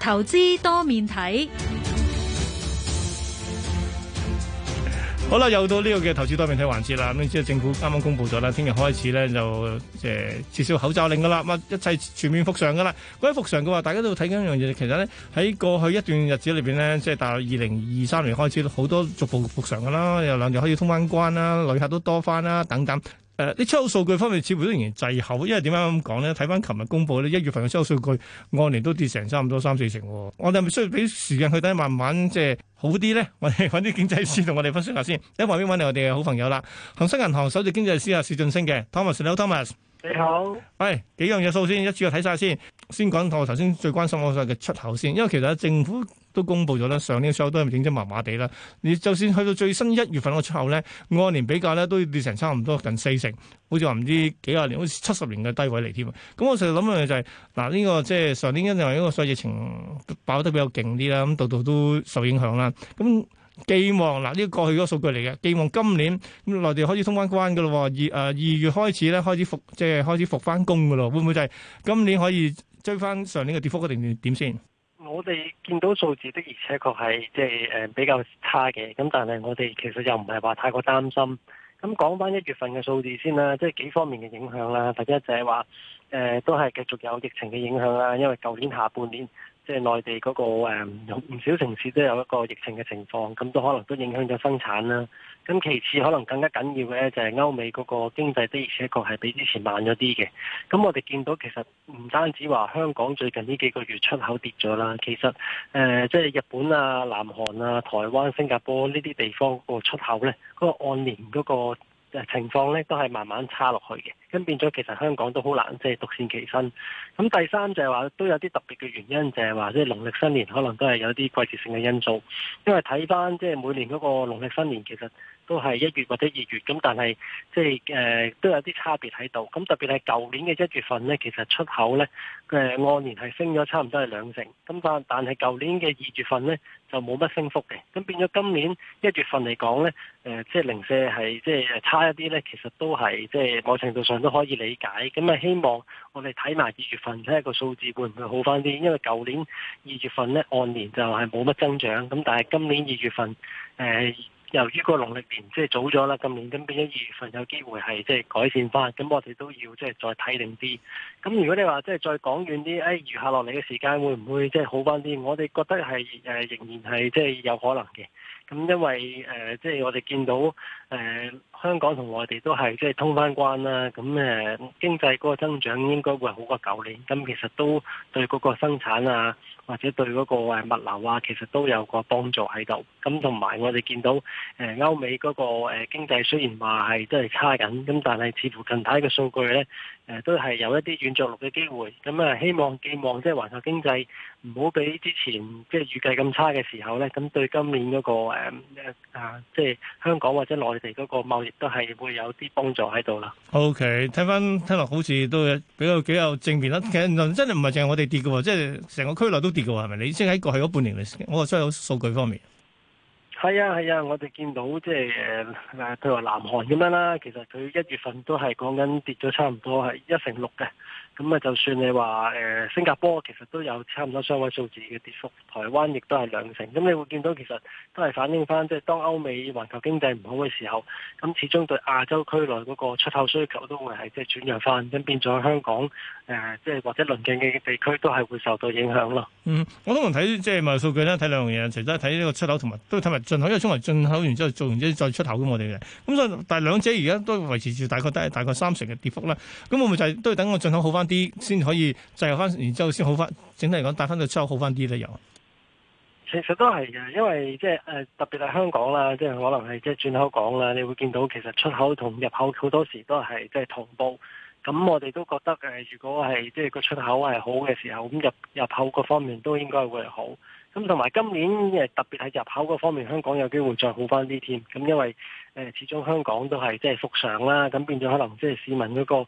投資多面睇，好啦，又到呢個嘅投資多面睇環節啦。咁即係政府啱啱公布咗啦，聽日開始咧就誒撤銷口罩令噶啦，咁一切全面復常噶啦。關於復常嘅話，大家都睇緊一樣嘢，其實咧喺過去一段日子裏邊咧，即係大約二零二三年開始，好多逐步復常噶啦，有兩日可以通翻關啦，旅客都多翻啦，等等。誒，啲、呃、出口數據方面似乎都仍然滯後，因為點解咁講咧？睇翻琴日公布咧，一月份嘅出口數據按年都跌成差唔多三四成，哦。我哋係咪需要俾時間去睇，慢慢即係、呃、好啲咧？ 我哋揾啲經濟師同我哋分析一下先。喺外邊揾嚟我哋嘅好朋友啦，恒生銀行首席經濟師啊，薛俊昇嘅 Thomas，你好。Thomas，你好。喂，幾樣嘢數先，一次過睇晒先。先講我頭先最關心我嘅出口先，因為其實政府，都公布咗啦，上年嘅出口都係整得麻麻地啦。你就算去到最新一月份嘅出口咧，按年比較咧，都跌成差唔多近四成，好似話唔知幾廿年，好似七十年嘅低位嚟添啊！咁我成日諗嘅就係嗱，呢、這個即係上年，一年因為因為受疫情爆得比較勁啲啦，咁度度都受影響啦。咁寄望嗱呢個過去嗰個數據嚟嘅，寄望今年咁內地開始通關關嘅咯，二誒、呃、二月開始咧開始復即係開始復翻工嘅咯，會唔會就係今年可以追翻上年嘅跌幅定點先？我哋見到數字的，而且確係即係誒比較差嘅，咁但係我哋其實又唔係話太過擔心。咁講翻一月份嘅數字先啦，即係幾方面嘅影響啦。第一就係話誒都係繼續有疫情嘅影響啦，因為舊年下半年。即係內地嗰個誒，唔少城市都有一個疫情嘅情況，咁都可能都影響咗生產啦。咁其次可能更加緊要嘅就係歐美嗰個經濟的而且確係比之前慢咗啲嘅。咁我哋見到其實唔單止話香港最近呢幾個月出口跌咗啦，其實誒即係日本啊、南韓啊、台灣、新加坡呢啲地方個出口呢，嗰個按年嗰個情況呢，都係慢慢差落去嘅。咁變咗其實香港都好難即係獨善其身。咁第三就係話都有啲特別嘅原因就，就係話即係農曆新年可能都係有啲季節性嘅因素。因為睇返即係每年嗰個農曆新年其實都係一月或者二月。咁但係即係誒都有啲差別喺度。咁特別係舊年嘅一月份呢，其實出口呢，誒按年係升咗差唔多係兩成。咁但但係舊年嘅二月份呢，就冇乜升幅嘅。咁變咗今年一月份嚟講呢，誒即係零舍係即係差一啲呢，其實都係即係某程度上。都可以理解，咁啊希望我哋睇埋二月份睇下個數字會唔會好翻啲？因為舊年二月份咧按年就係冇乜增長，咁但係今年二月份，誒、呃、由於個農曆年即係、就是、早咗啦，今年咁變咗二月份有機會係即係改善翻，咁我哋都要即係再睇定啲。咁如果你話即係再講遠啲，誒、哎、餘下落嚟嘅時間會唔會即係好翻啲？我哋覺得係誒、呃、仍然係即係有可能嘅。咁因為誒，即、呃、係、就是、我哋見到誒、呃、香港同外地都係即係通翻關啦。咁、嗯、誒經濟嗰個增長應該會好過舊年。咁、嗯、其實都對嗰個生產啊，或者對嗰個物流啊，其實都有個幫助喺度。咁同埋我哋見到誒、呃、歐美嗰、那個誒、呃、經濟雖然話係真係差緊，咁、嗯、但係似乎近排嘅數據咧誒、呃、都係有一啲軟著陸嘅機會。咁、嗯、啊，希望寄望即係環球經濟唔好俾之前即係、就是、預計咁差嘅時候咧，咁對今年嗰、那個、呃誒、嗯，啊，即係香港或者內地嗰個貿易都係會有啲幫助喺度啦。OK，睇翻聽落好似都比較幾有正面啦。其實真係唔係淨係我哋跌嘅，即係成個區內都跌嘅，係咪？你先喺過去嗰半年嚟，我話出口數據方面，係啊係啊，我哋見到即係誒，譬、呃、如話南韓咁樣啦，其實佢一月份都係講緊跌咗差唔多係一成六嘅。咁啊，就算你話誒新加坡其實都有差唔多雙位數字嘅跌幅，台灣亦都係兩成。咁你會見到其實都係反映翻，即係當歐美環球經濟唔好嘅時候，咁始終對亞洲區內嗰個出口需求都會係即係轉弱翻，咁變咗香港誒、呃，即係或者鄰近嘅地區都係會受到影響咯。嗯，我都常睇即係賣數據咧，睇兩樣嘢，除咗睇呢個出口同埋都睇埋進口，因為沖埋進口完之後做完之後再出口嘅我哋嘅。咁所以但係兩者而家都維持住大概得大概三成嘅跌幅啦。咁會唔會就係、是、都要等個進口好翻？啲先可以製入翻，然之後先好翻。整體嚟講，帶翻對出口好翻啲咧。理由，其實都係嘅，因為即係誒特別係香港啦，即係可能係即係轉口講啦。你會見到其實出口同入口好多時都係即係同步。咁我哋都覺得誒，如果係即係個出口係好嘅時候，咁入入口各方面都應該會好。咁同埋今年誒特別係入口嗰方面，香港有機會再好翻啲添。咁因為誒、呃、始終香港都係即係復常啦，咁變咗可能即係市民嗰、嗰個。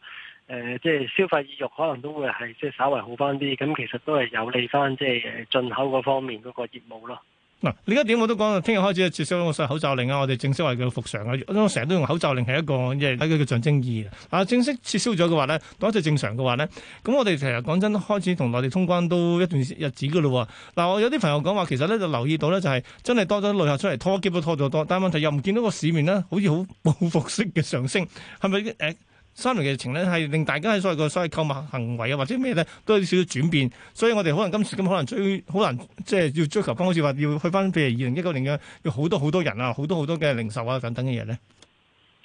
誒、呃，即係消費意欲可能都會係即係稍為好翻啲，咁其實都係有利翻即係誒進口嗰方面嗰個業務咯。嗱，另一點我都講，聽日開始啊，撤銷嗰個口罩令啊，我哋正式話叫復常啊，我成日都用口罩令係一個，即係睇佢嘅象徵意義啊。啊，正式撤銷咗嘅話咧，當作正常嘅話咧，咁我哋其實講真，開始同內地通關都一段日子嘅嘞喎。嗱，我有啲朋友講話，其實咧就留意到咧，就係真係多咗旅客出嚟，拖攰都拖咗多，但係問題又唔見到個市面咧，好似好報復式嘅上升，係咪誒？呃。三年疫情咧，係令大家喺所謂嘅所謂購物行為啊，或者咩咧，都有少少轉變。所以我哋可能今時今可能追好難，即係要追求翻好似話要去翻譬如二零一九年嘅要好多好多人啊，好多好多嘅零售啊等等嘅嘢咧。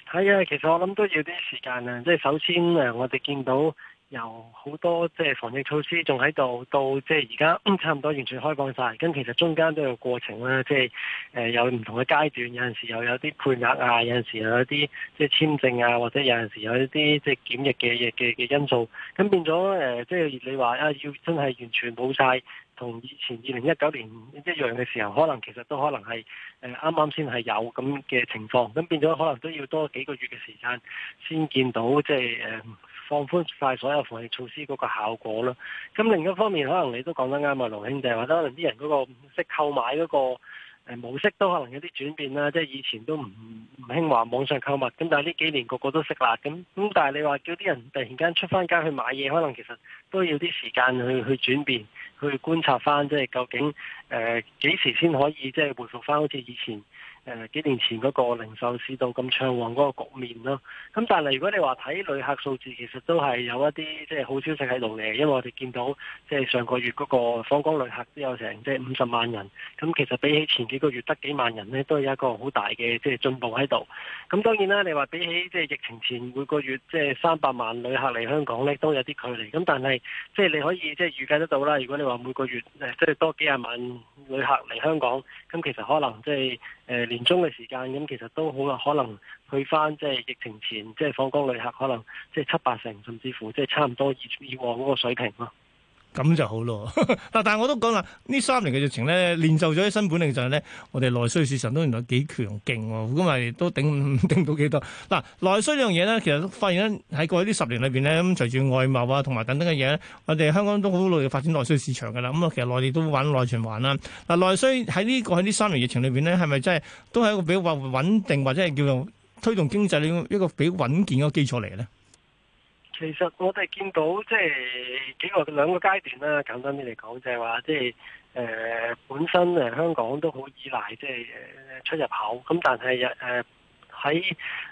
係啊，其實我諗都要啲時間啊。即係首先誒，我哋見到。由好多即係防疫措施仲喺度，到即係而家差唔多完全開放晒。咁其實中間都有過程啦，即係誒有唔同嘅階段，有陣時又有啲配額啊，有陣時又有啲即係簽證啊，或者有陣時有一啲即係檢疫嘅嘢嘅嘅因素。咁變咗誒，即係你話啊，要真係完全冇晒。同以前二零一九年一樣嘅時候，可能其實都可能係誒啱啱先係有咁嘅情況。咁變咗可能都要多幾個月嘅時間先見到即係誒。放寬曬所有防疫措施嗰個效果囉，咁另一方面可能你都講得啱啊，龍兄弟，或者可能啲人嗰個識購買嗰個誒模式都可能有啲轉變啦，即係以前都唔唔興話網上購物，咁但係呢幾年個個都識啦，咁咁但係你話叫啲人突然間出翻街去買嘢，可能其實都要啲時間去去轉變，去觀察翻即係究竟誒幾時先可以即係回復翻好似以前。誒幾年前嗰個零售市道咁暢旺嗰個局面咯，咁但係如果你話睇旅客數字，其實都係有一啲即係好消息喺度嘅，因為我哋見到即係上個月嗰個訪港旅客都有成即係五十萬人，咁其實比起前幾個月得幾萬人呢，都有一個好大嘅即係進步喺度。咁當然啦，你話比起即係疫情前每個月即係三百萬旅客嚟香港呢，都有啲距離。咁但係即係你可以即係預計得到啦。如果你話每個月即係多幾廿萬旅客嚟香港，咁其實可能即係誒年中嘅時間咁，其實都好啊，可能去翻即係疫情前，即係訪港旅客可能即係七八成，甚至乎即係差唔多以以往嗰個水平咯。咁就好咯嗱， 但係我都講啦，呢三年嘅疫情咧，練就咗啲新本領就係咧，我哋內需市場都原來幾強勁喎，咁咪都頂唔到幾多嗱、啊？內需呢樣嘢咧，其實發現咧喺過去呢十年裏邊咧，咁隨住外貿啊同埋等等嘅嘢，我哋香港都好努力發展內需市場噶啦。咁啊，其實內地都玩內循環啦。嗱、啊，內需喺呢、呢個喺呢三年疫情裏邊咧，係咪真係都係一個比較穩定或者係叫做推動經濟呢個一個比較穩健嘅基礎嚟嘅咧？其實我哋見到即係幾個兩個階段啦，簡單啲嚟講就係話即係誒、呃、本身誒香港都好依賴即係誒出入口，咁但係又誒，呃喺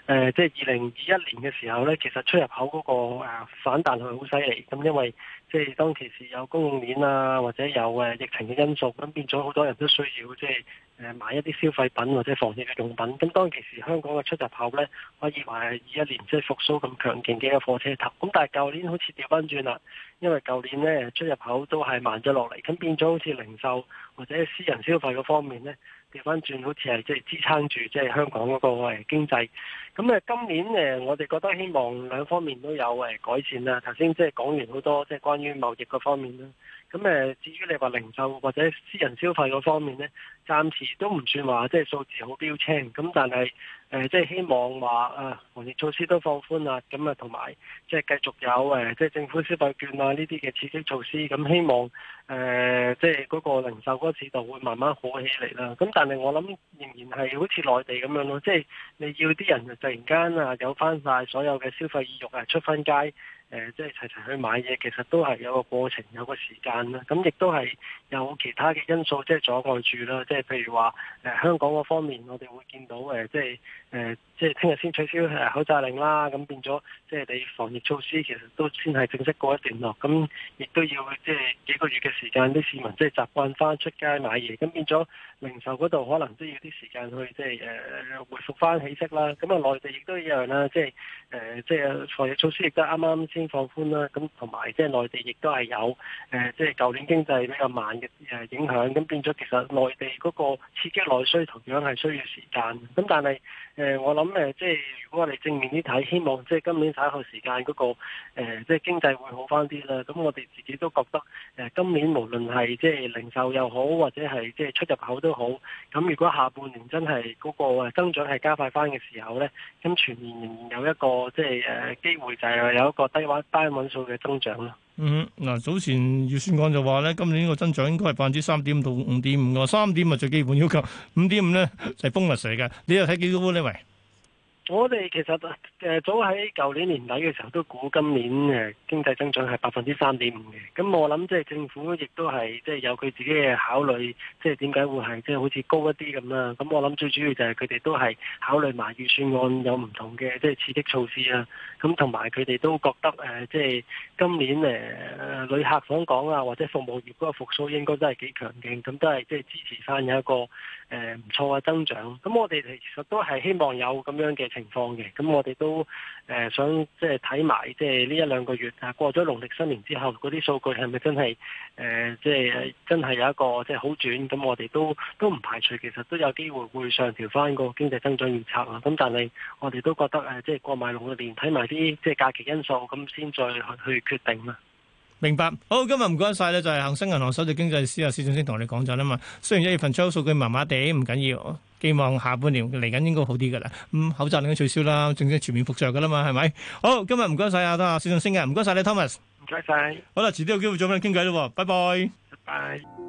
誒即係二零二一年嘅時候呢，其實出入口嗰個反彈係好犀利，咁因為即係當其時有供應鏈啊或者有誒疫情嘅因素，咁變咗好多人都需要即係誒買一啲消費品或者防疫嘅用品。咁當其時香港嘅出入口呢，可以話係二一年即係復甦咁強勁嘅一個火車頭。咁但係舊年好似調翻轉啦，因為舊年呢出入口都係慢咗落嚟，咁變咗好似零售或者私人消費嘅方面呢。掉返轉好似係即係支撐住即係香港嗰個誒經濟，咁誒今年誒我哋覺得希望兩方面都有誒改善啦。頭先即係講完好多即係關於貿易嗰方面啦，咁誒至於你話零售或者私人消費嗰方面咧，暫時都唔算話即係數字好標青，咁但係。誒、呃、即係希望話啊防疫措施都放寬啦，咁啊同埋即係繼續有誒即係政府消費券啊呢啲嘅刺激措施，咁希望誒、呃、即係嗰個零售嗰個市道會慢慢好起嚟啦。咁但係我諗仍然係好似內地咁樣咯，即係你要啲人突然間啊有翻晒所有嘅消費意欲啊出翻街誒、呃，即係齊齊去買嘢，其實都係有個過程有個時間啦。咁、嗯、亦都係有其他嘅因素即係阻礙住啦，即係譬如話誒、呃、香港嗰方面，我哋會見到誒、呃、即係。誒、呃，即係聽日先取消、呃、口罩令啦，咁變咗，即係你防疫措施其實都先係正式過一段落，咁亦都要即係幾個月嘅時間，啲市民即係習慣翻出街買嘢，咁變咗零售嗰度可能都要啲時間去即係誒、呃、回復翻起色啦。咁啊，內地亦都一樣啦，即係誒、呃，即係防疫措施亦都啱啱先放寬啦，咁同埋即係內地亦都係有誒、呃，即係舊年經濟比較慢嘅誒影響，咁變咗其實內地嗰個刺激內需同樣係需要時間，咁但係誒，呃誒、呃，我諗誒、呃，即係如果我哋正面啲睇，希望即係今年稍後時間嗰、那個、呃、即係經濟會好翻啲啦。咁、嗯、我哋自己都覺得誒、呃，今年無論係即係零售又好，或者係即係出入口都好。咁、嗯、如果下半年真係嗰個增長係加快翻嘅時候咧，咁全年仍然有一個即係誒、啊、機會，就係有一個低位低位數嘅增長咯。嗯，嗱，早前預算案就話咧，今年個增長應該係百分之三點五到五點五嘅，三點咪最基本要求，五點五咧就係 bonus 嚟嘅。你又睇幾多 bonus？我哋其實誒早喺舊年年底嘅時候都估今年誒經濟增長係百分之三點五嘅，咁我諗即係政府亦都係即係有佢自己嘅考慮，即係點解會係即係好似高一啲咁啦？咁我諗最主要就係佢哋都係考慮埋預算案有唔同嘅即係刺激措施啊，咁同埋佢哋都覺得誒即係今年誒、呃呃、旅客所講啊或者服務業嗰個復甦應該都係幾強勁，咁都係即係支持翻有一個誒、呃、唔錯嘅增長。咁我哋其實都係希望有咁樣嘅情況嘅，咁我哋都誒想即係睇埋，即係呢一兩個月啊，過咗農曆新年之後，嗰啲數據係咪真係誒，即係真係有一個即係好轉？咁我哋都都唔排除，其實都有機會會上調翻個經濟增長預測啊。咁但係我哋都覺得誒，即係過埋農曆年，睇埋啲即係假期因素，咁先再去決定啦。明白。好，今日唔該晒咧，就係恒生銀行首席經濟師啊，薛先生先同我哋講咗啦嘛。雖然一月份初數據麻麻地，唔緊要。希望下半年嚟緊應該好啲噶啦，咁、嗯、口罩令應該取消啦，正式全面復常噶啦嘛，係咪？好，今日唔該晒啊，都啊，薛俊昇嘅，唔該晒你，Thomas，唔該晒，謝謝好啦，遲啲有機會再搵你傾偈咯，拜拜，拜、拜。